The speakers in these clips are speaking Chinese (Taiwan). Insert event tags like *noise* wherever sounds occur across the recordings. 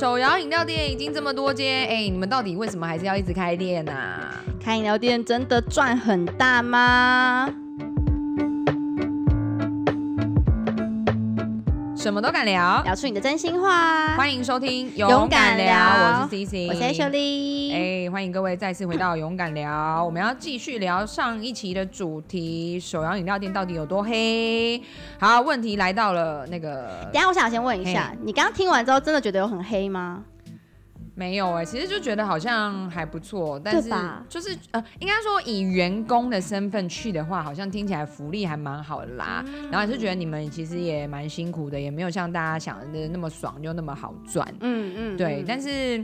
手搖飲料店已經這麼多間，哎，你們到底為什麼還是要一直開店啊？開飲料店真的賺很大嗎？什麼都敢聊，聊出你的真心話啊。歡迎收聽勇《勇敢聊》，我是 Sissi，我是 Sissi，我是愛雪莉。哎、欸，歡迎各位再次回到《勇敢聊，》 *laughs* 我們要繼續聊上一期的主題——手搖飲料店到底有多黑？好，問題來到了那個……等下，我想先問一下，你剛剛聽完之後，真的覺得有很黑嗎？沒有哎、欸，其實就覺得好像還不錯，但是就是呃，應該說以員工的身份去的話，好像聽起來福利還蠻好的啦。嗯、然後還是覺得你們其實也蠻辛苦的，也沒有像大家想的那麼爽，又那麼好賺。嗯嗯，對，嗯、但是。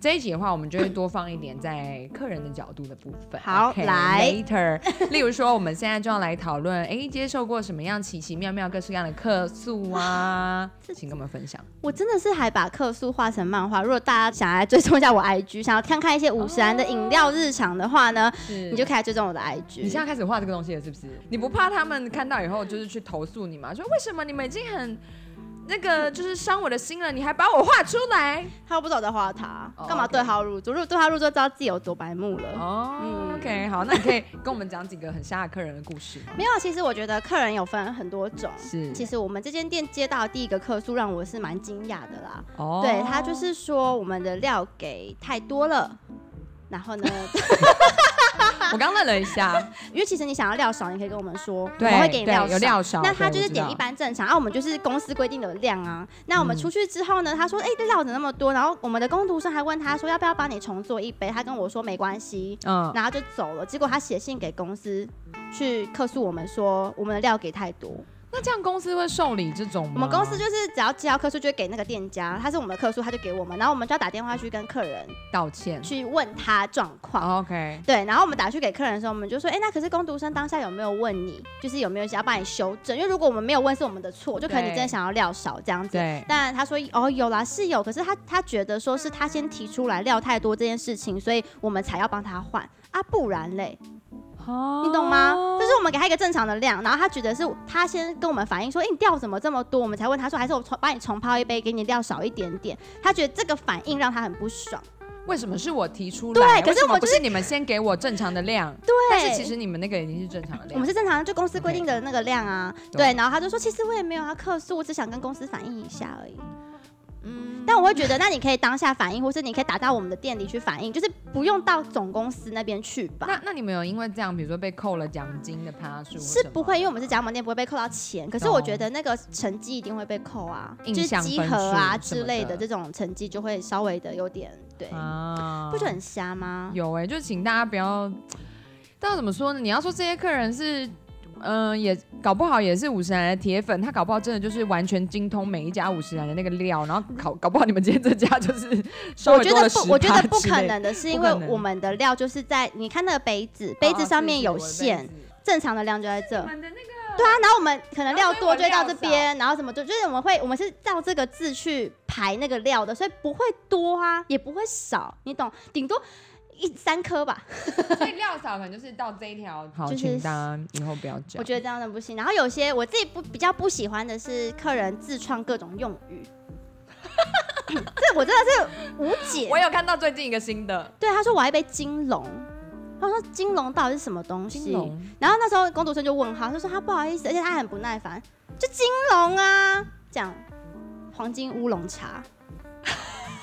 這一集的話，我們就會多放一點在客人的角度的部分。好，okay, 來，later。例如說，我們現在就要來討論，哎， *laughs* 接受過什麼樣奇奇妙妙各式各樣的客訴啊，啊這，請跟我們分享。我真的是還把客訴畫成漫畫。如果大家想要追蹤一下我 IG，想要看看一些五十嵐的飲料日常的話呢，oh, 你就可以追蹤我的 IG。你現在開始畫這個東西了，是不是？你不怕他們看到以後就是去投訴你嗎？說為什麼你們已經很。那個就是傷我的心了，你還把我畫出來？他又不知道我在畫他，幹、oh, 嘛對號入座？如、okay. 果對號入座，知道自己有多白目了。哦、oh,，OK，、嗯、好，那你可以跟我們講幾個很嚇客人的故事嗎？ *laughs* 沒有，其實我覺得客人有分很多種。是，其實我們這間店接到第一個客訴，讓我是蠻驚訝的啦。哦、oh.，對他就是說我們的料給太多了，然後呢？ *laughs* *laughs* 我剛問了一下， *laughs* 因為其實你想要料少，你可以跟我們說，對我們會給你料少，料少。那他就是點一般正常，然後、啊、我，我們就是公司規定的量啊。那我們出去之後呢，嗯、他說：“哎、欸，這料子那麼多。”然後我們的工讀生還問他說：“要不要幫你重做一杯？”他跟我說：“沒關係。”嗯，然後就走了。結果他寫信給公司，去客訴我們說我們的料給太多。那這樣公司會受理這種嗎？我們公司就是只要接到客訴，就會給那個店家，他是我們的客訴，他就給我們，然後我們就要打電話去跟客人道歉，去問他狀況。OK。對，然後我們打去給客人的時候，我們就說，哎、欸，那可是工讀生當下有沒有問你，就是有沒有想要幫你修正？因為如果我們沒有問，是我們的錯，就可能你真的想要料少這樣子。對。但他說，哦，有啦，是有，可是他他覺得說是他先提出來料太多這件事情，所以我們才要幫他換啊，不然嘞。Oh. 你懂嗎？就是我們給他一個正常的量，然後他覺得是他先跟我們反映說，哎，你掉怎麼這麼多？我們才問他說，還是我重幫你重泡一杯，給你料少一點點。他覺得這個反應讓他很不爽。為什麼是我提出來？對，可、就是我不是你們先給我正常的量，對。但是其實你們那個已經是正常的量，我們是正常，就公司規定的那個量啊。Okay. 對，對，然後他就說，其實我也沒有要、啊、客訴，我只想跟公司反映一下而已。嗯，但我會覺得，那你可以當下反應， *laughs* 或是你可以打到我們的店裡去反應，就是不用到總公司那邊去吧。那那你們有因為這樣，比如說被扣了獎金的趴數？是不會，因為我們是加盟店，不會被扣到錢。可是我覺得那個成績一定會被扣啊，哦、就是積分啊之類的,的這種成績就會稍微的有點對，啊、不是很瞎嗎？有哎、欸，就請大家不要。但怎麼說呢？你要說這些客人是。嗯，也搞不好也是50嵐的鐵粉，他搞不好真的就是完全精通每一家50嵐的那個料，然後搞、搞不好你們今天這家就是。我覺得不，我覺得不可能的，是因為我們的料就是在你看那個杯子，杯子上面有線，哦、是是正常的量就在這、那個。對啊，然後我們可能料多就到這邊，然後怎麼做？就是我們會我們是照這個字去排那個料的，所以不會多啊，也不會少，你懂？頂多。一三顆吧，所以料少可能就是到這一條。 *laughs* 好、就是，請大家以後不要講。我覺得這樣的不行。然後有些我自己不比較不喜歡的是客人自創各種用語， *laughs* *laughs* *laughs* 這我真的是無解。我有看到最近一個新的，對，他說我還杯金龍，他說金龍到底是什麼東西？然後那時候工讀生就問他，他說他不好意思，而且他很不耐煩，就金龍啊，這樣黃金烏龍茶。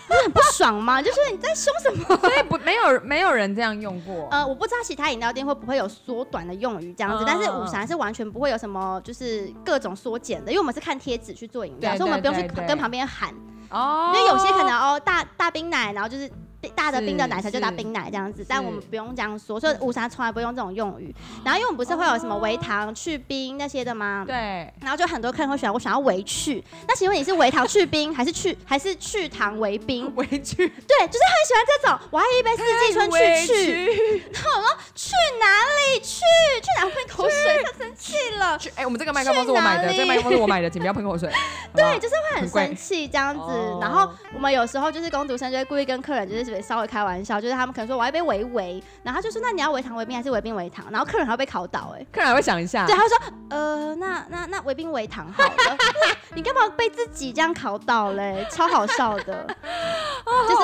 那 *laughs* 很不爽嗎？就是你在凶什麼？所以不沒有沒有人這樣用過。呃，我不知道其他飲料店會不會有縮短的用語這樣子，嗯、但是五常是完全不會有什麼，就是各種縮減的，因為我們是看貼紙去做飲料，對對對對，所以我們不用去跟旁邊喊。哦，因為有些可能哦，大大冰奶，然後就是。大的冰的奶茶就大冰奶這樣子，但我們不用這樣說，所以烏沙從來不用這種用語。然後因為我們不是會有什麼微糖去冰那些的嗎？對。然後就很多客人會選，我想要微去。那請問你是微糖去冰， *laughs* 還是去還是去糖微冰？微去。對，就是很喜歡這種。我要一杯四季春。去去。去 *laughs* 然後我說去哪裡去？去哪噴口水？他生氣了。哎、欸，我們這個麥克風是我買的，這個麥克風是我買的，請不要噴口水 *laughs* 好好。對，就是會很生氣這，這樣子。然後我們有時候就是工讀生就會故意跟客人就是。稍微開玩笑，就是他們可能說我要被微微，然後他就說那你要微糖微冰還是微冰微糖？然後客人還會被考倒、欸，哎，客人還會想一下，對，他會說呃，那那那微冰微糖好了， *laughs* *laughs* 你幹嘛被自己這樣考倒嘞？超好笑的。 *laughs*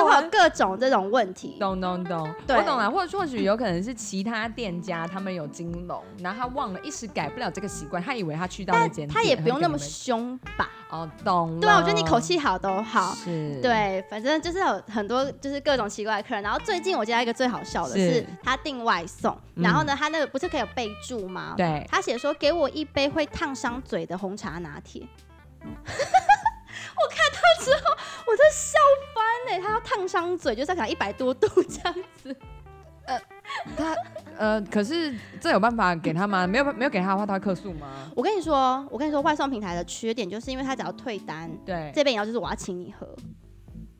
或各種這種問題，懂懂懂，我懂了、啊。或者或許有可能是其他店家，他們有禁令、嗯，然後他忘了，一時改不了這個習慣，他以為他去到那間，他也不用那麼凶吧？哦，懂。對啊，我覺得你口氣好都好。是。對，反正就是有很多就是各種奇怪的客人。然後最近我接到一個最好笑的是，他訂外送、嗯，然後呢，他那個不是可以有備註嗎？對，他寫說，給我一杯會燙傷嘴的紅茶拿鐵。嗯 *laughs* 我看到之後，我在笑翻嘞、欸！他要燙傷嘴，就算講一百多度這樣子。呃，他 *laughs* 呃，可是這有辦法給他嗎？沒有，沒有給他的話，他會客訴嗎？我跟你說，我跟你說，外送平台的缺點就是因為他只要退單，對，這杯飲料就是我要請你喝。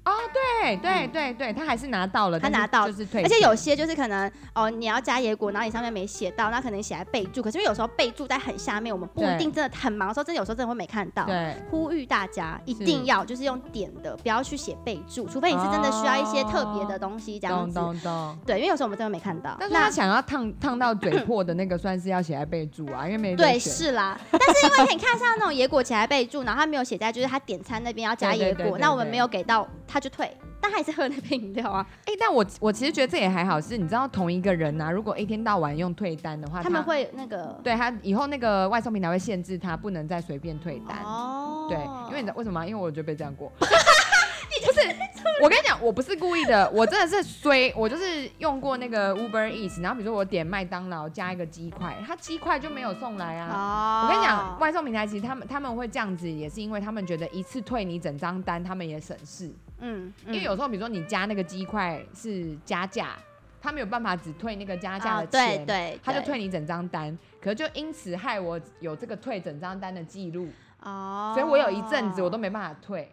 哦，對對對對，對，他還是拿到了，他拿到，是是，而且有些就是可能哦，你要加椰果，然後你上面沒寫到，那可能寫在備註。可是因為有時候備註在很下面，我們不一定真的很忙的時候，真的有時候真的會沒看到。對，呼籲大家一定要就是用點的，不要去寫備註，除非你是真的需要一些特別的東西、哦、這樣子動動動。對，因為有時候我們真的沒看到。但是他想要燙燙到嘴破的那個，算是要寫在備註啊，咳咳因為沒，對是啦。 *laughs* 但是因為你看像那種椰果寫在備註，然後他沒有寫在就是他點餐那邊要加椰果，對對對對對對對，那我們沒有給到。他就退，但還是喝那瓶飲料啊。哎、欸，但我我其實覺得這也還好是，是你知道同一個人吶、啊，如果一天到晚用退單的話，他們會那個，他對他以後那個外送平台會限制他不能再隨便退單。哦，對，因為你知道為什麼嗎？因為我就被這樣過。 *laughs* *laughs* 不是，我跟你講，我不是故意的，我真的是衰 *laughs* 我就是用過那個 Uber Eats，然後比如說我點麥當勞加一個雞塊，他雞塊就沒有送來啊。哦、我跟你講，外送平台其實他們他們會這樣子，也是因為他們覺得一次退你整張單，他們也省事。嗯，嗯，因為有時候，比如說你加那個雞塊是加價，他沒有辦法只退那個加價的錢，哦，對對對，他就退你整張單，可是就因此害我有這個退整張單的記錄，哦，所以我有一陣子我都沒辦法退。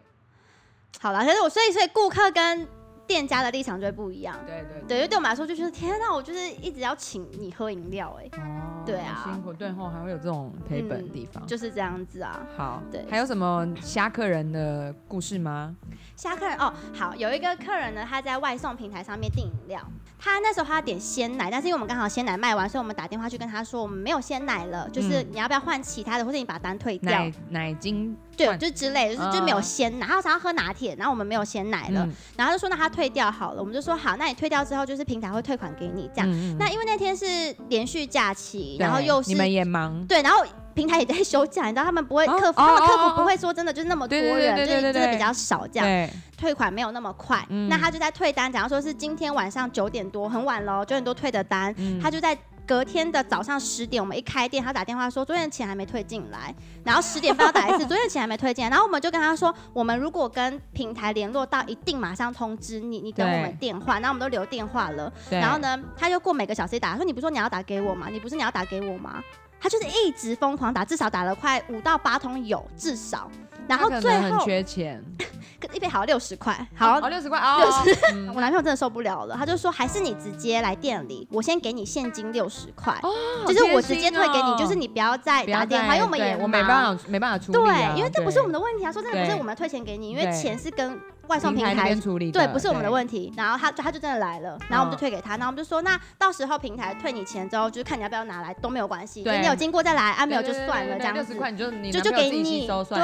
好了，其實我所以所以顧客跟店家的立場就會不一樣，對對對，對，對，就對我們來說就是天哪，我就是一直要請你喝飲料哎，哦，對啊，辛苦，然後、哦、還會有這種賠本的地方、嗯，就是這樣子啊，好，對，還有什麼蝦客人的故事嗎？蝦客人哦，好，有一個客人呢，他在外送平台上面訂飲料，他那時候他點鮮奶，但是因為我們剛好鮮奶賣完，所以我們打電話去跟他說我們沒有鮮奶了，就是你要不要換其他的，嗯、或者你把單退掉，奶，奶精。對，就之類，就是就沒有鮮奶，uh, 然後想要喝拿鐵，然後我們沒有鮮奶了，嗯，然後就說那他退掉好了，我們就說好，那你退掉之後，就是平台會退款給你這樣，嗯嗯。那因為那天是連續假期，然後又是你們也忙，對，然後平台也在休假，你知道他們不會客服，oh, oh, oh, oh, oh, oh. 他們客服不會說真的就是那麼多人，對對對對對，就是真的比較少這樣，退款沒有那麼快。嗯，那他就在退單，假如說是今天晚上九點多，很晚了，哦，九點多退的單，嗯，他就在。隔天的早上十點，我們一開店，他打電話說昨天的錢還沒退進來，然後十點半又打一次，昨天的錢還沒退進來，然後我們就跟他說，我們如果跟平台聯絡到，一定馬上通知你，你等我們電話，然後我們都留電話了，然後呢，他就過每個小時一打，說你不是說你要打給我嗎？你不是你要打給我嗎？他就是一直瘋狂打，至少打了快五到八通有至少，然後最後。 *laughs* 一杯好像六十塊，好好六十塊啊！六十、哦嗯，我男朋友真的受不了了，他就說，還是你直接來店裡，我先給你現金六十塊，就是我直接退給你，就是你不要再打電話，因為我們也忙，我沒辦法沒辦法出、啊、對，因為這不是我們的問題啊，說真的不是我們要退錢給你，因為錢是跟。外送平台，平台那邊處理的，對，不是我們的問題。然後他就他就真的來了，然後我們就退給他，然後我們就說，那到時候平台退你錢之後，就是看你要不要拿來都沒有關係，等你有經過再來啊，沒有就算了，對對對對，這樣子。對對對對60塊你就你自己自己就就給你對。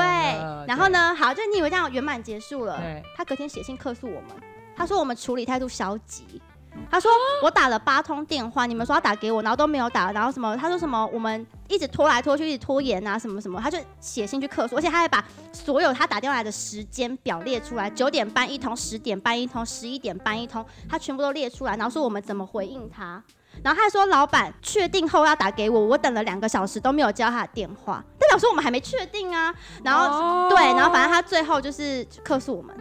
然後呢，好，就你以為這樣圓滿結束了，他隔天寫信客訴我們，他說我們處理態度消極。他說我打了八通電話，你們說要打給我，然後都沒有打，然後什麼他說什麼我們一直拖來拖去，一直拖延啊，什麼什麼，他就寫信去客訴，而且他還把所有他打電話來的時間表列出來，九點半一通，十點半一通，十一點半一通，他全部都列出來，然後說我們怎麼回應他，然後他說老闆確定後要打給我，我等了兩個小時都沒有接到他的電話，代表說我們還沒確定啊，然後對，然後反正他最後就是客訴我們。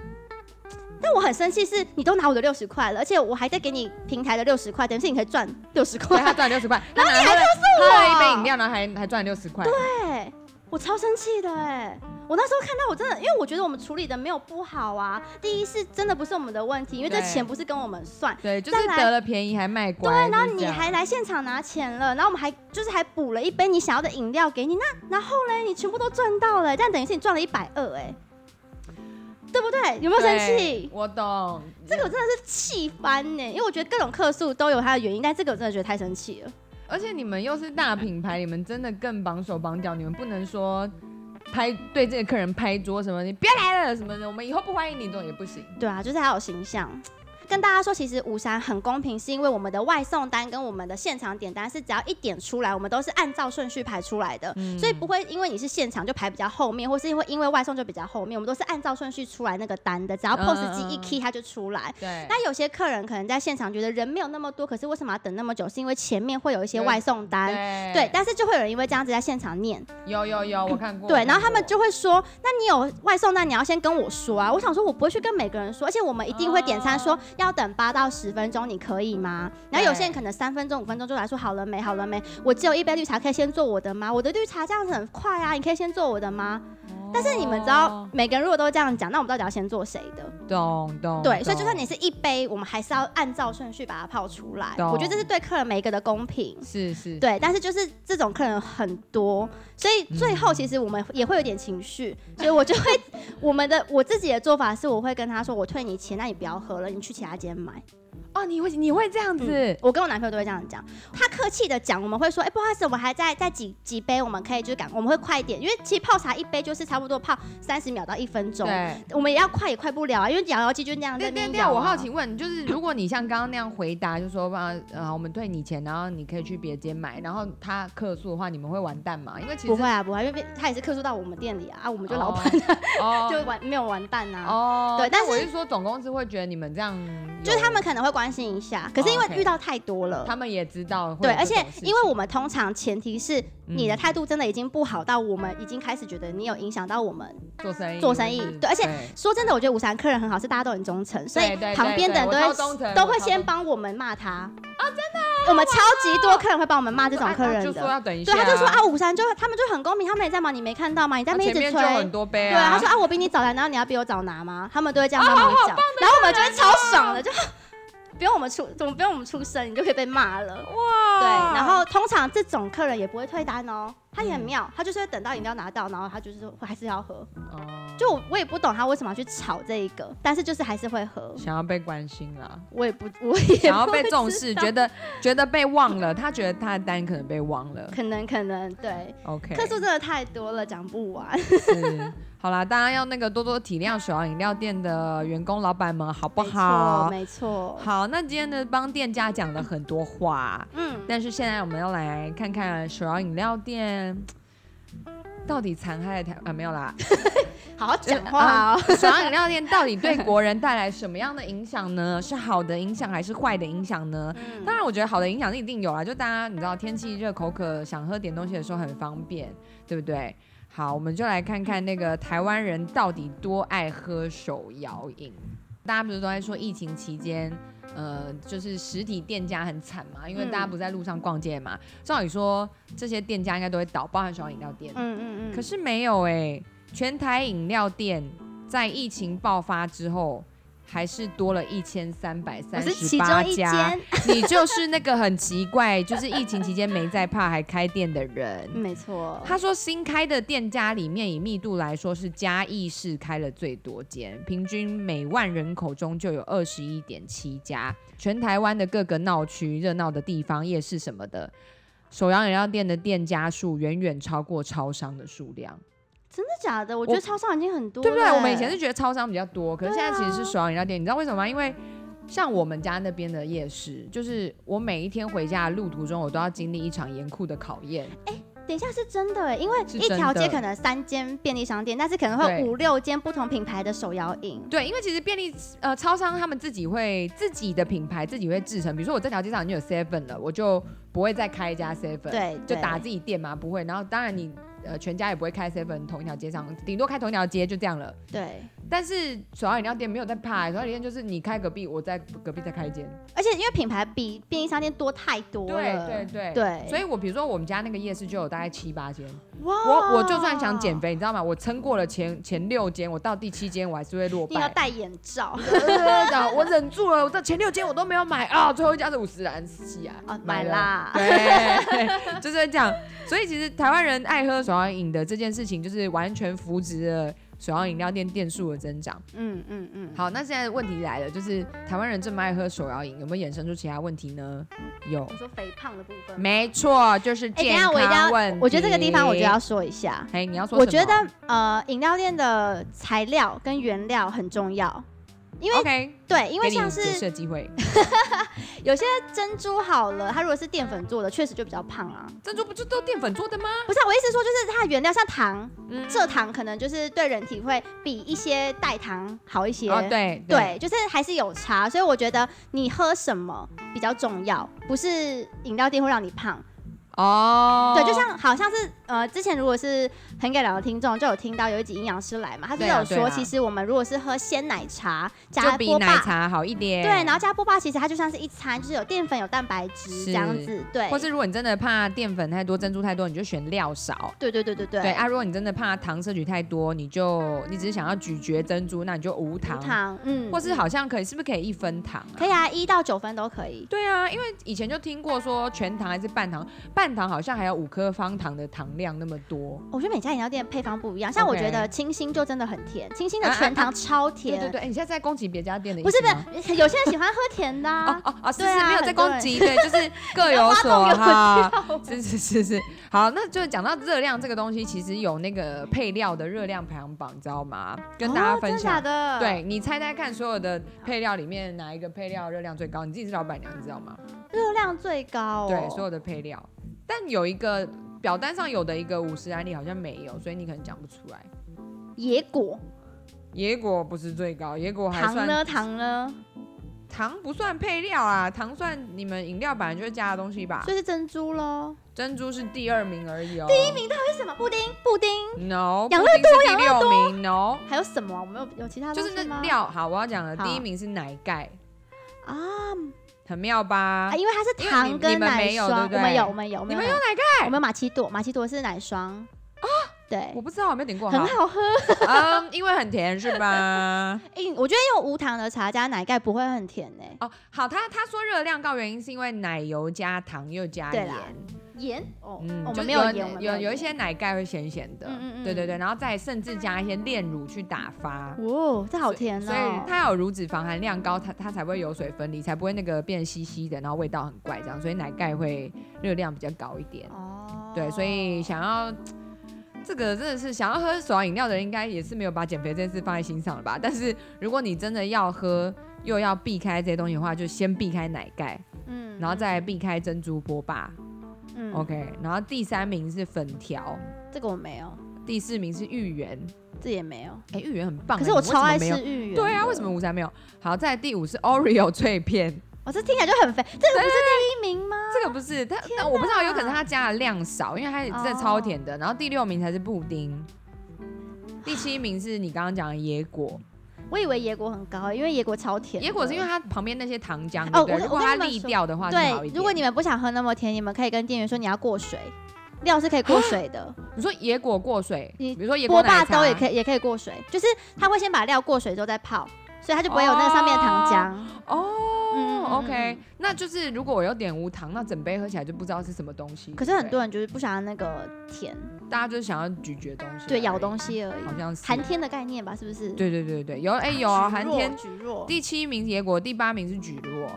但我很生氣，是你都拿我的六十塊了，而且我還在給你平台的六十塊，等於是你可以賺六十塊。對，他賺六十塊， *laughs* 然後你還投訴我，喝了一杯飲料，然後還還賺六十塊。對我超生氣的哎、欸，我那時候看到我真的，因為我覺得我們處理的沒有不好啊。第一是真的不是我們的問題，因為這錢不是跟我們算。對，就是得了便宜還賣乖。對，然後你還來現場拿錢了，然後我們還就是還補了一杯你想要的飲料給你，那然後嘞，你全部都賺到了，欸，這樣等於是你賺了一百二哎。對不對？有沒有生氣？我懂。這個我真的是氣翻呢、嗯，因為我覺得各種客訴都有它的原因，但這個我真的覺得太生氣了。而且你們又是大品牌，你們真的更綁手綁腳，你們不能說拍，對這個客人拍桌什麼，你不要來了什麼的，我們以後不歡迎你，這種也不行。對啊，就是還有形象。跟大家說，其實五三很公平，是因為我們的外送單跟我們的現場點單是只要一點出來，我們都是按照順序排出來的、嗯，所以不會因為你是現場就排比較後面，或是因為外送就比較後面，我們都是按照順序出來那個單的，只要 POS 機一 key 它，嗯、就出來。對。那有些客人可能在現場覺得人沒有那麼多，可是為什麼要等那麼久？是因為前面會有一些外送單，對。對對對，但是就會有人因為這樣子在現場念。有有有，我看過、嗯。對，然後他們就會說，那你有外送單，那你要先跟我說啊！我想說，我不會去跟每個人說，而且我們一定會點餐說。要等八到十分鐘，你可以嗎？然後有些人可能三分鐘、五分鐘就來說好了沒，好了沒？我只有一杯綠茶，可以先做我的嗎？我的綠茶這樣子很快啊，你可以先做我的嗎？但是你們知道，每個人如果都這樣講，那我們到底要先做誰的？懂懂。對懂，所以就算你是一杯，我們還是要按照順序把它泡出來。我覺得這是對客人每一個的公平。是是。對，但是就是這種客人很多，所以最後其實我們也會有點情緒，嗯。所以我就會我們的我自己的做法是，我會跟他說， *laughs* 我退你錢，那你不要喝了，你去其他間買。哦，你會你會這樣子、嗯，我跟我男朋友都會這樣講。他客氣的講，我們會說，哎、欸、不好意思，我們還在在幾幾杯，我們可以就是趕，我們會快一點，因為其實泡茶一杯就是差不多泡三十秒到一分鐘。對，我們也要快也快不了啊，因為搖搖機就是那樣在、啊、對對，那我好奇問，就是如果你像剛剛那樣回答， *coughs* 就說啊、嗯、我們退你錢，然後你可以去別的間買，然後他客訴的話，你們會完蛋嗎？因為其實不會啊，不會，因為他也是客訴到我們店裡啊，啊我們就老板、oh, *laughs* 就完、oh. 沒有完蛋啊。哦、oh.，對，但是但我是說總公司會覺得你們這樣，就是他們可能會管。關心一下，可是因為遇到太多了，哦 okay，他們也知道。對，而且因為我們通常前提是你的態度真的已經不好到我們已經開始覺得你有影響到我們做生意做生意。對，而且說真的，我覺得五三客人很好，是大家都很忠誠，所以旁邊的人都會對對對都會先幫我們罵他。哦，真的，我們超級多客人會幫我們罵這種客人的。的、嗯啊。對，他就說啊，五三就他們就很公平，他們也在忙，你，沒看到嗎？你在前面一直催。啊，對，他說啊，我比你早來，難道你要比我早拿嗎？ *laughs* 他們都會這樣跟我們講，哦、然後我們覺得超爽的，啊、就。不用我們出，怎麼不用我們出聲，你就可以被罵了？哇、wow！對，然後通常這種客人也不會退單哦。他也很妙，他就是會等到飲料拿到，然後他就是說，還是要喝。哦、uh，就我我也不懂他為什麼要去炒這一個，但是就是還是會喝。想要被關心啦，啊，我也不我也想要被重視，覺得 *laughs* 覺得被忘了，他覺得他的單可能被忘了。可能可能對，OK，客數真的太多了，講不完。 *laughs* 是，好啦，大家要那個多多體諒手搖飲料店的員工老板們，好不好？沒錯，沒錯。好，那今天呢，幫店家講了很多話， *laughs* 嗯，但是現在我們要來看看手搖飲料店，到底殘害了台啊？沒有啦， *laughs* 好好講話、 *laughs* 啊、好好哦。手搖飲料店到底對國人帶來什麼樣的影響呢？是好的影響還是壞的影響呢？ *laughs* 當然，我覺得好的影響是一定有啊。就大家你知道，天氣熱、口渴、想喝點東西的時候，很方便，對不對？好，我們就來看看那個台灣人到底多愛喝手搖飲。大家不是都在說疫情期間？呃，就是實體店家很慘嘛，因為大家不在路上逛街嘛。照、嗯、理說這些店家應該都會倒，包含小飲料店。嗯嗯嗯。可是沒有誒、欸，全台飲料店在疫情爆發之後。還是多了一千三百三十八家，你就是那個很奇怪， *laughs* 就是疫情期間沒在怕還開店的人。沒錯，他說新開的店家裡面，以密度來說是嘉義市開了最多間，平均每萬人口中就有二十一點七家。全台灣的各個鬧區、熱鬧的地方、夜市什麼的，手搖飲料店的店家數遠遠超過超商的數量。真的假的？我覺得超商已經很多，對不對？我們以前是覺得超商比較多，可是現在其實是手搖飲料店。對啊。你知道為什麼嗎？因為像我們家那邊的夜市，就是我每一天回家的路途中，我都要經歷一場嚴酷的考驗。哎，等一下是真的，因為一條街可能三間便利商店，但是可能會五六間不同品牌的手搖飲。對，因為其實便利呃超商他們自己會自己的品牌，自己會製成。比如說我這條街上已經有 Seven 了，我就不會再開一家 Seven，對，對，就打自己店嘛，不會。然後當然你。呃，全家也不會開 seven 同一條街上，頂多開同一條街，就這樣了。對。但是手搖飲料店沒有在拍手搖飲料店，就是你開隔壁，我在隔壁再開一間。而且因為品牌比便利商店多太多了，了對對對，對，所以我比如說我們家那個夜市就有大概七八間。哇！我我就算想減肥，你知道嗎？我撐過了前前六間，我到第七間我還是會落敗。一定要戴眼罩。知道？我忍住了，我到前六間我都沒有買啊、哦，最後一家是五十嵐四啊，哦，買啦。對 *laughs* *laughs* 就是這樣。所以其實台灣人愛喝手搖飲的這件事情，就是完全扶植了。手搖飲料店店數的增長，嗯嗯嗯，好，那現在問題來了，就是台灣人這麼愛喝手搖飲，有沒有衍生出其他問題呢？有，你說肥胖的部分，沒錯，就是健康問題。欸，等一下，我也要。我覺得這個地方我就要說一下，欸，你要說，我覺得呃，飲料店的材料跟原料很重要。因為 okay, 對，因為像是 *laughs* 有些珍珠好了，它如果是澱粉做的，確實就比較胖啊。珍珠不就都澱粉做的嗎？不是、啊，我意思說就是它原料像糖，蔗、嗯、糖可能就是對人體會比一些代糖好一些。哦、對對，對，就是還是有差，所以我覺得你喝什麼比較重要，不是飲料店會讓你胖。哦、oh.，對，就像好像是呃，之前如果是很給老的聽眾，就有聽到有一集營養師來嘛，他就是有說、啊啊，其實我們如果是喝鮮奶茶，加波霸，奶茶好一點，對，然後加波霸，其實它就像是一餐，就是有澱粉、有蛋白質這樣子，對。或是如果你真的怕澱粉太多、珍珠太多，你就選料少，對對對對對，對。對啊，如果你真的怕糖攝取太多，你就你只是想要咀嚼珍珠，那你就無糖，無糖，嗯。或是好像可以，是不是可以一分糖、啊、可以啊，一到九分都可以。對啊，因為以前就聽過說全糖還是半糖，半。半糖好像還有五顆方糖的糖量那麼多。我覺得每家飲料店的配方不一樣，像我覺得清新就真的很甜，Okay. 清新的全糖超甜。啊啊啊、對，對對，哎、欸，你現在在攻擊別家店的？不是不是，有些人喜歡喝甜的啊。啊 *laughs* 哦，啊、哦！對啊，沒有在攻擊，對，就是各有所好 *laughs* 是是是是，好，那就講到熱量這個東西，其實有那個配料的熱量排行榜，你知道嗎？跟大家分享、哦、真的假的？對，你猜猜看，所有的配料裡面哪一個配料熱量最高？你自己是老板娘，你知道嗎？熱量最高、哦。對，所有的配料。但有一個表單上有的一個五十嵐好像沒有，所以你可能講不出來。椰果，椰果不是最高，椰果還算。糖呢？糖呢？糖不算配料啊，糖算你們飲料本來就是加的東西吧。所以是珍珠嘍。珍珠是第二名而已哦。第一名到底是什麼？布丁？布丁，no，養樂多，布丁是第六名，養樂多？No。養樂多？養樂多？No。還有什麼？我沒有有其他東西。就是那料。好，我要講了。第一名是奶蓋。啊，um。很妙吧？因為它是糖跟奶霜，你你們沒有。對對我們有，我們有，有，你們有奶蓋。我們馬奇朵，馬奇朵是奶霜哦、啊，對，我不知道，我沒點過，很好喝。 *laughs* 嗯，因為很甜是吧？嗯、 *laughs* 欸，我覺得用無糖的茶加奶蓋不會很甜呢、欸。哦，好，他他說熱量高原因是因為奶油加糖又加鹽。對鹽。嗯，哦、就有沒有鹽。有有，有，有一些奶蓋會鹹咸的嗯嗯嗯，對對對，然後再甚至加一些煉乳去打發。哦，這好甜哦。所以，所以它有乳脂肪含量高，它它才不會油水分離，才不會那個變稀稀的，然後味道很怪這樣。所以奶蓋會熱量比較高一點。哦，對，所以想要這個真的是想要喝爽飲料的人，應該也是沒有把減肥這件事放在心上了吧？但是如果你真的要喝，又要避開這些東西的話，就先避開奶蓋，嗯，嗯，然後再避開珍珠波霸。嗯、OK，然後第三名是粉條，這個我沒有。第四名是芋圓，這也沒有。哎，芋圓很棒，可是我超愛吃芋圓。芋圓對啊，為什麼午餐沒有？好，再第五是 Oreo 脆片，我、哦、這聽起來就很肥。這個不是第一名嗎？哎、這個不是它、啊，但我不知道，有可能它加的量少，因為它真的超甜的、哦。然後第六名才是布丁，第七名是你剛剛講的椰果。我以為野果很高，因為野果超甜。野果是因為它旁邊那些糖漿，哦，我，我跟你們說，對不對？如果它瀝掉的話是好一點的，對，如果你們不想喝那麼甜，你們可以跟店員說你要過水，料是可以過水的。你說野果過水，你比如說野果奶茶，啊，鍋巴也可以，也可以過水，就是他會先把料過水之後再泡，所以他就不會有那個上面的糖漿。哦。哦 OK，、嗯、那就是如果我有點無糖，那整杯喝起來就不知道是什麼東西。可是很多人就是不想要那個甜，大家就是想要咀嚼東西，對，咬東西而已。好像是寒天的概念吧？是不是？對對對對，有哎、啊欸、有寒、哦、天，蒟蒻第七名椰果，第八名是蒟蒻，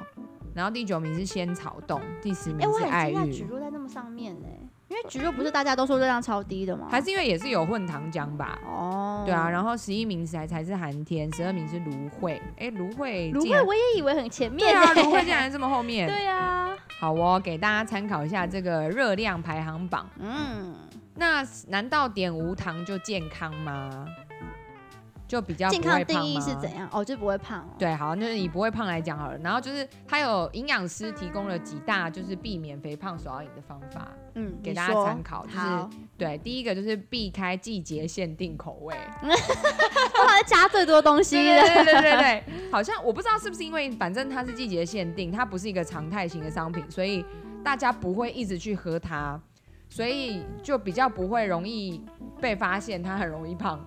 然後第九名是仙草凍，第十名是愛玉。蒟、欸、蒻在那麼上面呢？因為橘肉，不是大家都說熱量超低的嗎？還是因為也是有混糖漿吧？哦、oh.，對啊，然後十一名才才是寒天，十二名是蘆薈。哎、欸，蘆薈，蘆薈我也以為很前面、欸，對啊，蘆薈竟然這麼後面。 *laughs* 對啊，好哦，給大家參考一下這個熱量排行榜。嗯、mm.，那難道點無糖就健康嗎？就比較健康，定義是怎樣？哦，oh，就不會胖。對，好，就是以不會胖來講好了。然後就是它有營養師提供了幾大就是避免肥胖手搖飲的方法，嗯，給大家參考。就是對，第一個就是避開季節限定口味，他 *laughs* 加最多東西 *laughs* 對，對，對，對對對對對， *laughs* 好像我不知道是不是因為，反正它是季節限定，它不是一個常態型的商品，所以大家不會一直去喝它，所以就比較不會容易被發現，它很容易胖。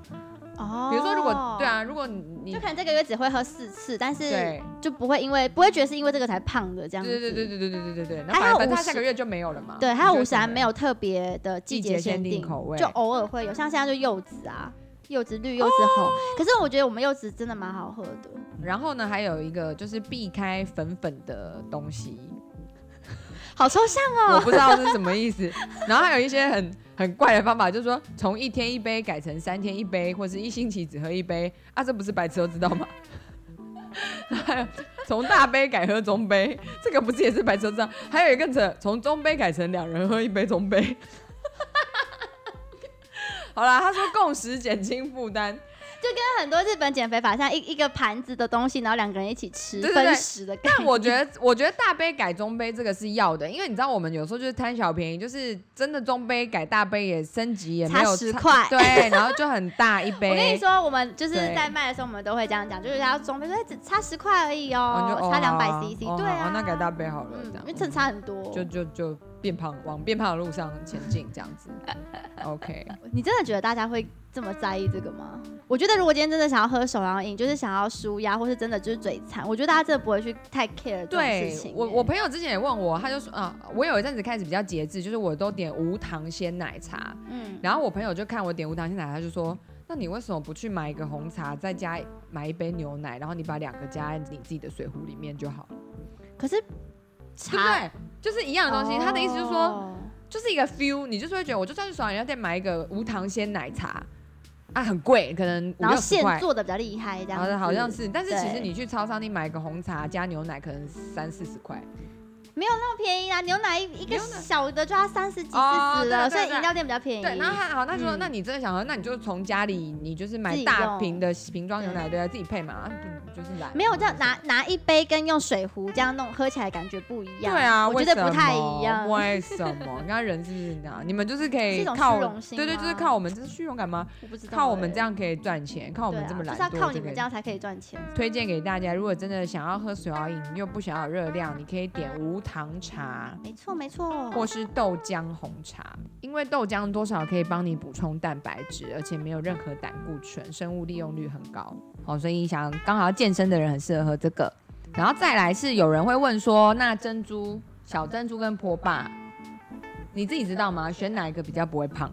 哦，比如說如果、oh, 對啊，如果你就可能這個月只會喝四次，但是就不會因為不會覺得是因為這個才胖的這樣子。對對對對對對對對對。哎，那下個月就沒有了嘛。對，還有五三沒有特別的季節限，限定口味，就偶爾會有，像現在就柚子啊，柚子綠、柚子紅。Oh! 可是我覺得我們柚子真的蠻好喝的。然後呢，還有一個就是避開粉粉的東西。好抽象哦，我不知道是什麼意思。 *laughs* 然後還有一些很很怪的方法，就是說從一天一杯改成三天一杯，或者是一星期只喝一杯，啊，這不是白痴都知道嗎？ *laughs* 還有從大杯改喝中杯，這個不是也是白痴都知道。還有一個者從中杯改成兩人喝一杯中杯。 *laughs* 好啦。他說共食減輕負擔。就跟很多日本減肥法像一一個盤子的東西，然後兩個人一起吃分食的。對對對。但我覺得，我覺得大杯改中杯這個是要的，因為你知道我們有時候就是貪小便宜，就是真的中杯改大杯也升級也沒有差十塊，對，然後就很大一杯。 *laughs* 我跟你說，我們就是在賣的時候，我們都會這樣講，就是他中杯說只差十塊而已哦，哦哦差兩百 CC，對、啊哦、那改大杯好了，嗯、這樣因為差很多，就就就。就變胖，往變胖的路上前進，這樣子 *laughs* ，OK。你真的覺得大家會這麼在意這個嗎？我覺得如果今天真的想要喝手搖飲，就是想要舒壓，或是真的就是嘴饞，我覺得大家真的不會去太 care 這件事情。對。我我朋友之前也問我，他就說啊，我有一陣子開始比較節制，就是我都點無糖鮮奶茶。嗯。然後我朋友就看我點無糖鮮奶茶，就說：“那你為什麼不去買一個紅茶，再加一買一杯牛奶，然後你把兩個加在你自己的水壺裡面就好。”可是。對不對？就是一樣的東西，他、哦、的意思就是說，就是一個 feel，你就是會覺得，我就算去手搖飲料店買一個無糖鮮奶茶啊，很貴，可能五六十塊，現做的比較厲害，這樣，好好像是。但是其實你去超商店買一個紅茶加牛奶，可能三四十塊。沒有那麼便宜啊！牛奶一一個小的就要三十幾四十的、哦、所以飲料店比較便宜。對，那還好。他說、嗯：“那你真的想喝，那你就從家裡你就是買大瓶的瓶裝牛奶，對要自己配嘛，就是來。”沒有，這樣拿拿一杯跟用水壺這樣弄，喝起來感覺不一樣。對啊，我覺得不太一樣。為什麼？你看人是，不是哪？ *laughs* 你們就是可以靠對對，就是靠我們，這是虛榮感嗎？我不知道。靠我們這樣可以賺錢，靠我們這麼懶多就？啊就是要靠你們這樣才可以賺錢。推薦給大家，如果真的想要喝水好飲又不想要有熱量，你可以點無。糖茶。嗯、沒錯沒錯，或是豆漿紅茶，因為豆漿多少可以幫你補充蛋白質，而且沒有任何膽固醇，生物利用率很高哦，所以你想剛好要健身的人很適合喝這個。然後再來是有人會問說，那珍珠、小珍珠跟波霸，你自己知道嗎？選哪一個比較不會胖？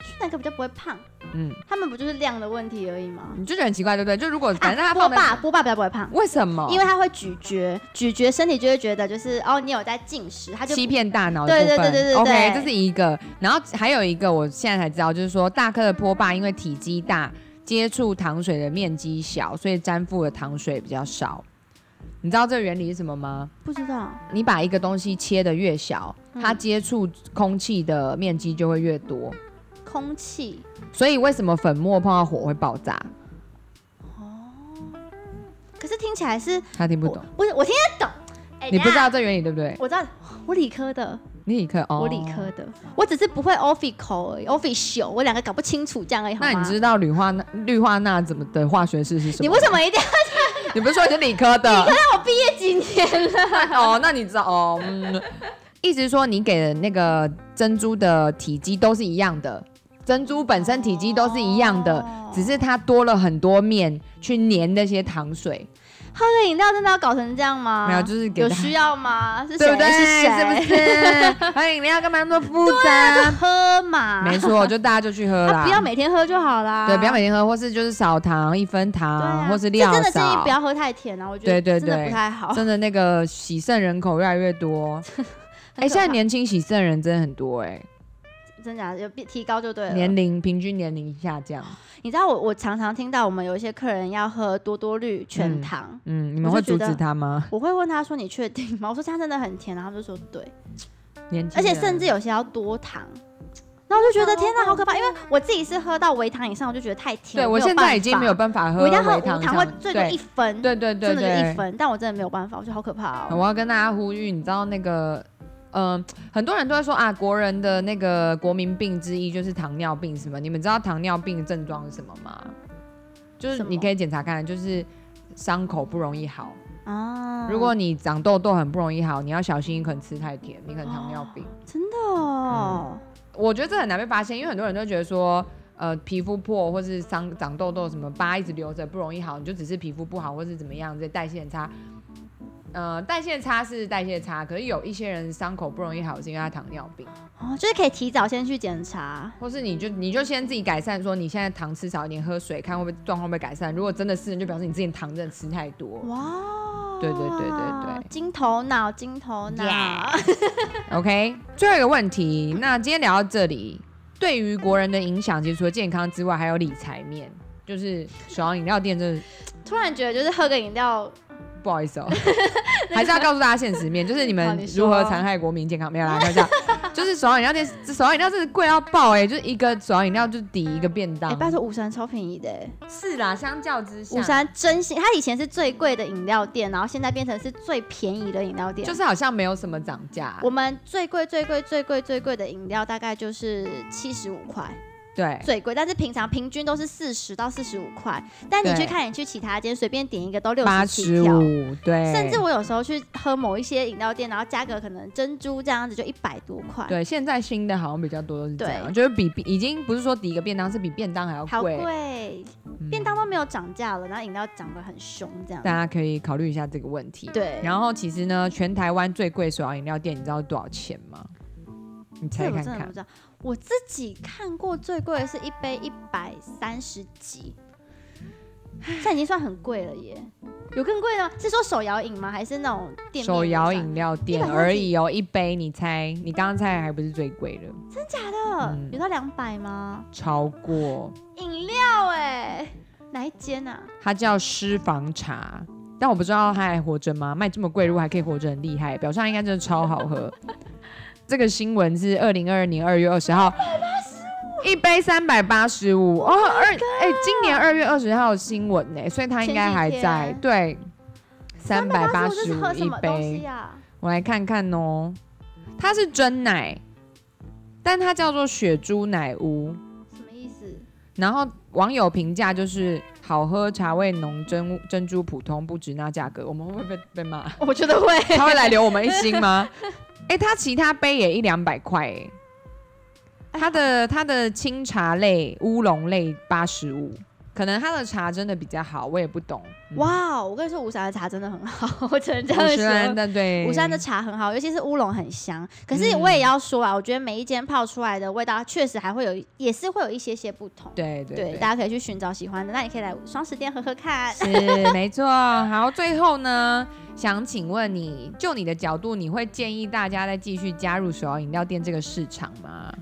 選哪個比較不會胖？嗯，他們不就是量的問題而已嗎？你就覺得很奇怪，對不對？就如果反正他，那、啊、波霸波霸比較不會胖，為什麼？因為他會咀嚼，咀嚼身體就會覺得就是哦，你有在進食，他就欺騙大腦。對對對對對,對,對,對，OK，這是一個。然後還有一個，我現在才知道，就是說大顆的波霸因為體積大，接觸糖水的面積小，所以粘附的糖水比較少。你知道這個原理是什麼嗎？不知道。你把一個東西切得越小，嗯、它接觸空氣的面積就會越多。空氣。所以為什麼粉末碰到火會爆炸？哦，可是聽起來是他聽不懂，不是我，我聽得懂。你不知道這原理對不對？我知道，我理科的，你理科哦，我理科的，我只是不會 official official，我兩個搞不清楚這樣而已。那你知道氯化鈉、氯化鈉怎麼的化學式是什麼？你為什麼一定要？ *laughs* 你不是說你是理科的？理科我畢業幾年了？ *laughs* *laughs* 哦，那你知道哦？嗯， *laughs* 意思說你給的那個珍珠的體積都是一樣的。珍珠本身體積都是一樣的，只是它多了很多面去粘那些糖水。喝個飲料真的要搞成這樣嗎？沒有，就是給有需要嗎？是對不對？是，是不是？喝飲料幹嘛那麼複雜？啊、喝嘛。沒錯，就大家就去喝啦、 *laughs* 啊。不要每天喝就好啦。對，不要每天喝，或是就是少糖，一分糖，啊、或是量少。真的不要喝太甜啊，我覺得對對真的不太好對對對。真的那個洗腎人口越來越多，哎、 *laughs* 欸，現在年輕洗腎人真的很多哎、欸。真假？就有提高就對了，年齡平均年齡下降，你知道我我常常聽到我們有一些客人要喝多多綠全糖，嗯，嗯，你們會阻止他嗎？我會問他說，你確定嗎？我說，這樣真的很甜，然後他就說對年輕。而且甚至有些要多糖，那我就覺得、啊、天哪，好可怕！因為我自己是喝到微糖以上，我就覺得太甜。對，我現在已經沒有辦法喝微糖，我一定要喝糖，會最多一分，對對對，對對對，真的就一分，但我真的沒有辦法，我覺得好可怕哦、啊。我要跟大家呼籲，你知道那個。嗯、呃，很多人都在說啊，國人的那個國民病之一就是糖尿病，什麼？你們知道糖尿病的症狀是什麼嗎？就是你可以檢查看，就是傷口不容易好啊。如果你長痘痘很不容易好，你要小心，你可能吃太甜，你可能糖尿病。啊、真的哦、嗯？我覺得這很難被發現，因為很多人都覺得說，呃，皮膚破或是傷長痘痘，什麼疤一直留着不容易好，你就只是皮膚不好，或是怎麼樣，這代謝很差。呃，代謝差是代謝差，可是有一些人傷口不容易好，是因為他糖尿病哦，就是可以提早先去檢查，或是你就你就先自己改善，說你現在糖吃少一點，喝水看會不會狀況會不會改善。如果真的是，就表示你自己糖真的吃太多。哇，對對對對對，對，金頭腦金頭腦。Yeah. *laughs* OK，最後一個問題，那今天聊到這裡，對於國人的影響，其實除了健康之外，還有理財面，就是手搖飲料店，就是突然覺得就是喝個飲料。不好意思哦、喔， *laughs* 還是要告訴大家現實面，就是你們如何殘害國民健康。 *laughs* 哦、沒有啦，就這樣。就是手搖飲料店，手搖飲料是貴到爆哎、欸，就是一個手搖飲料就抵一個便當。你、欸、不說五山超便宜的、欸，是啦，相較之下，五山真心，它以前是最貴的飲料店，然後現在變成是最便宜的飲料店，就是好像沒有什麼漲價。我們最貴最貴最貴最貴的飲料大概就是七十五塊。最貴，但是平常平均都是四十到四十五塊。但你去看，你去其他間隨便點一個都六十七，對。甚至我有時候去喝某一些飲料店，然後加個可能珍珠這樣子就一百多塊。對，現在新的好像比較多是這樣，就是比，比已經不是說第一個便當，是比便當還要貴。貴，便當都沒有漲價了，嗯，然後飲料漲得很兇，這樣子。大家可以考慮一下這個問題。對。然後其實呢，全台灣最貴手搖飲料店，你知道是多少錢嗎？你猜看看。我自己看過最貴的是一杯一百三十幾，這已經算很貴了耶。有更貴的嗎？是說手搖飲嗎？還是那種手搖飲料店而已哦，一杯你猜，你剛剛猜還不是最貴的，真假的？嗯、有到兩百嗎？超過。飲料哎、欸，哪一間啊？它叫私房茶，但我不知道它還，還活着嗎？賣這麼貴，如果還可以活着，很厲害。表上應該真的超好喝。 *laughs* 這個新聞是二零二二年二月二十號385，一杯三百八十五哦，二、oh、哎、欸，今年二月二十號的新聞呢、欸、所以他應該還在對，三百八十五一杯、啊，我來看看哦，它是珍奶，但它叫做雪珠奶屋，什麼意思？然後網友評價就是好喝，茶味濃，珍,珍珠普通，不值那價格，我們會被被罵？我覺得會，他會來留我們一星嗎？ *laughs* 誒、欸，它其他杯也一兩百塊誒，它的它的清茶類、烏龍類八十五。可能他的茶真的比較好，我也不懂。哇、嗯，wow, 我跟你說，50嵐的茶真的很好，我只能這樣說。50嵐的,的茶很好，尤其是烏龍很香。可是我也要說啊，嗯、我覺得每一間泡出來的味道確實還會有，也是會有一些些不同。對對對，對大家可以去尋找喜歡的。那你可以來雙十店喝喝看。是，沒錯。好，最後呢，想請問你，就你的角度，你會建議大家再繼續加入手搖飲料店這個市場嗎？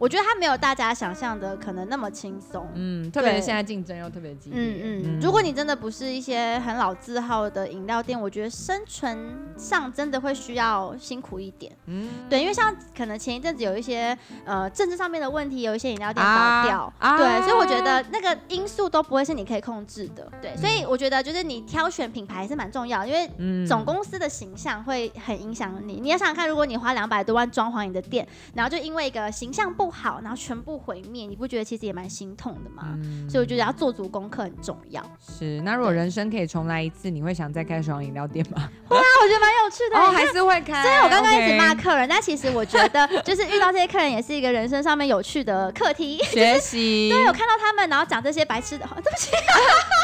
我覺得它沒有大家想象的可能那麼輕鬆，嗯，特別是現在競爭又特別激烈，嗯嗯，嗯。如果你真的不是一些很老字號的飲料店，我覺得生存上真的會需要辛苦一點，嗯，對，因為像可能前一陣子有一些呃政治上面的問題，有一些飲料店倒掉，啊、對、啊，所以我覺得那個因素都不會是你可以控制的，對，嗯、所以我覺得就是你挑選品牌還是蠻重要，因為總公司的形象會很影響你、嗯。你要想想看，如果你花兩百多萬裝潢你的店，然後就因為一個形象不。好，然後全部毀滅，你不覺得其實也蠻心痛的嗎、嗯？所以我覺得要做足功課很重要。是，那如果人生可以重來一次，你會想再開手搖飲料店嗎？會啊，我覺得蠻有趣的，哦，啊、還是會開。所以我剛剛一直罵客人，那、okay、其實我覺得，就是遇到這些客人也是一個人生上面有趣的課題，學習。就是、對，有看到他們，然後講這些白痴的話、哦，對不起，啊、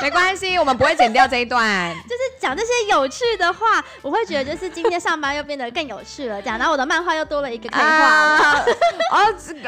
沒關係， *laughs* 我們不會剪掉這一段。就是。就是講這些有趣的話，我會覺得就是今天上班又變得更有趣了。這樣，然後我的漫畫又多了一個規劃哦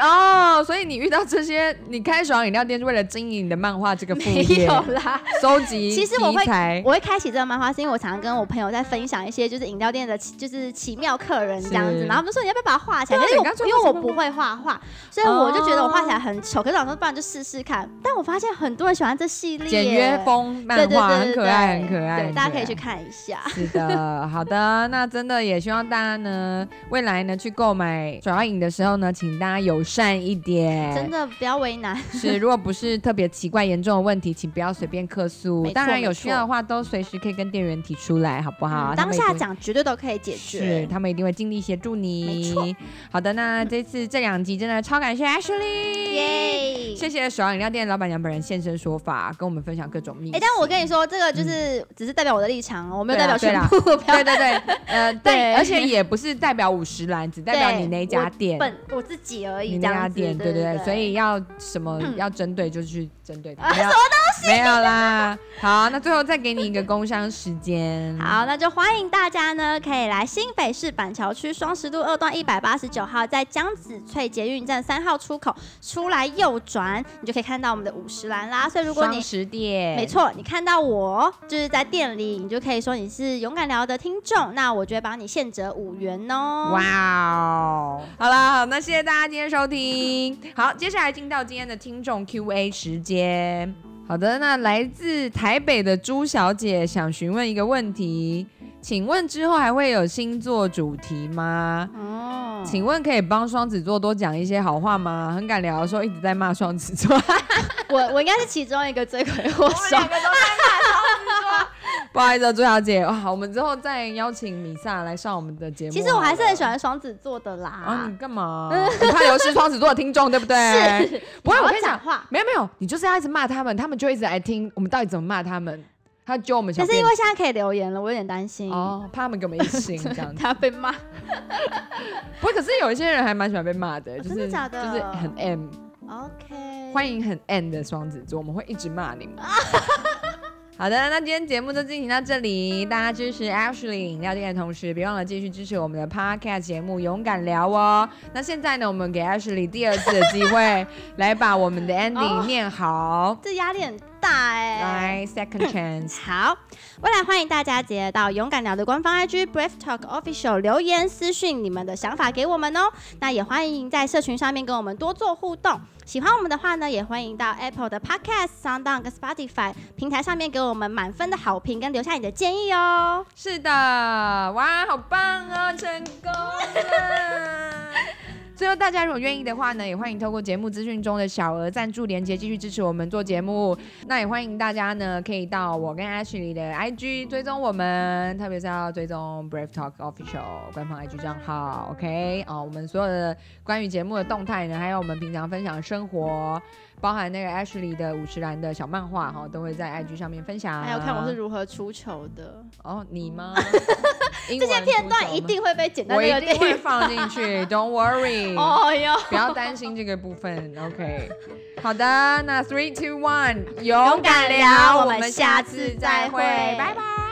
哦。所以你遇到這些，你開爽飲料店是為了經營你的漫畫這個副業，沒有啦？收集其實我會，我會開啟這個漫畫，是因為我常常跟我朋友在分享一些就是飲料店的、就是，就是奇妙客人這樣子。然後他們說你要不要把它畫起來？因為因為我不會畫畫，所以我就覺得我畫起來很醜、哦。可是老師不然就試試看。但我發現很多人喜歡這系列，簡約風漫畫，很可愛，對對很可愛，大家可以。去看一下，是的， *laughs* 好的，那真的也希望大家呢，未來呢去購買手搖飲的時候呢，請大家友善一點，真的不要為難。是， *laughs* 如果不是特別奇怪嚴重的問題，請不要隨便客訴。當然有需要的話，都隨時可以跟店員提出來，好不好、嗯？當下講絕對都可以解決，是，他們一定會盡力協助你。沒錯，好的，那這次這兩集真的超感謝 Ashley，、嗯、耶謝謝手搖飲料店老板娘本人現身說法，跟我們分享各種秘密。哎、欸，但我跟你說，這個就是、嗯、只是代表我的立強，我沒有代表全部對、啊對啊，對對對，呃對，對，而且也不是代表五十嵐，只代表你那家店，我本我自己而已，那家店對對，對，對，對對？所以要什麼、嗯、要針對就去針對，啊，什麼東西？沒有啦。好，那最後再給你一個工商時間。好，那就歡迎大家呢，可以來新北市板橋區雙十路二段一百八十九號，在江子翠捷運站三號出口出來右轉，你就可以看到我們的五十嵐啦。所以如果你十點，沒錯，你看到我就是在店裡。你就可以說你是勇敢聊的聽眾，那我就會幫你限折五元哦。哇、wow、哦！好了，那謝謝大家今天收聽。好，接下來進到今天的聽眾 Q A 時間。好的，那來自台北的朱小姐想詢問一個問題，請問之後還會有星座主題嗎？哦、oh.，請問可以幫雙子座多講一些好話嗎？很敢聊的時候一直在罵雙子座， *laughs* 我我應該是其中一個罪魁禍首。 *laughs* 不好意思、啊，朱小姐哇，我們之後再邀請米薩來上我們的節目。其實我還是很喜歡雙子座的啦。啊，你幹嘛？ *laughs* 怕流失雙子座的聽眾，對不對？不會我，我跟你講話。沒有沒有，你就是要一直罵他們，他們就一直來聽我們到底怎麼罵他們。他揪我們。可是因為現在可以留言了，我有點擔心哦，怕他們給我們一星 *laughs* 這樣子。 *laughs* 他被罵。 *laughs* 不會，可是有一些人還蠻喜歡被罵的，就是、哦、的的就是很 M OK，歡迎很 M 的雙子座，我們會一直罵你們。 *laughs* *laughs* 好的，那今天節目就進行到這裡。大家支持 Ashely 飲料店的同時，別忘了繼續支持我們的 podcast 節目《勇敢聊》哦。那現在呢，我們給 Ashely 第二次的機會， *laughs* 來把我們的 ending 念好。哦、這壓力很大哎、欸。來，second chance。好，未來歡迎大家接到《勇敢聊》的官方 IG Brave Talk Official 留言私信你們的想法給我們哦。那也歡迎在社群上面跟我們多做互動。喜歡我們的話呢，也歡迎到 Apple 的 Podcast、SoundOn 跟 Spotify 平臺上面給我們滿分的好評，跟留下你的建議哦。是的，哇，好棒哦、啊，成功了。最後，大家如果願意的話呢，也歡迎透過節目資訊中的小額贊助連結繼續支持我們做節目。那也歡迎大家呢，可以到我跟 Ashley 的 IG 追蹤我們，特別是要追蹤 Brave Talk Official 官方 IG 賬號。OK，哦，我們所有的關於節目的動態呢，還有我們平常分享生活。包含那個 Ashley 的五十嵐的小漫畫哈，都會在 IG 上面分享啊。還有看我是如何出醜的哦，你嗎， *laughs* 嗎？這些片段一定會被剪到的，一定會放進去。 *laughs* Don't worry，哦、不要擔心這個部分。OK，好的，那 three two one，勇敢聊有有，我們下次再會， *laughs* 拜拜。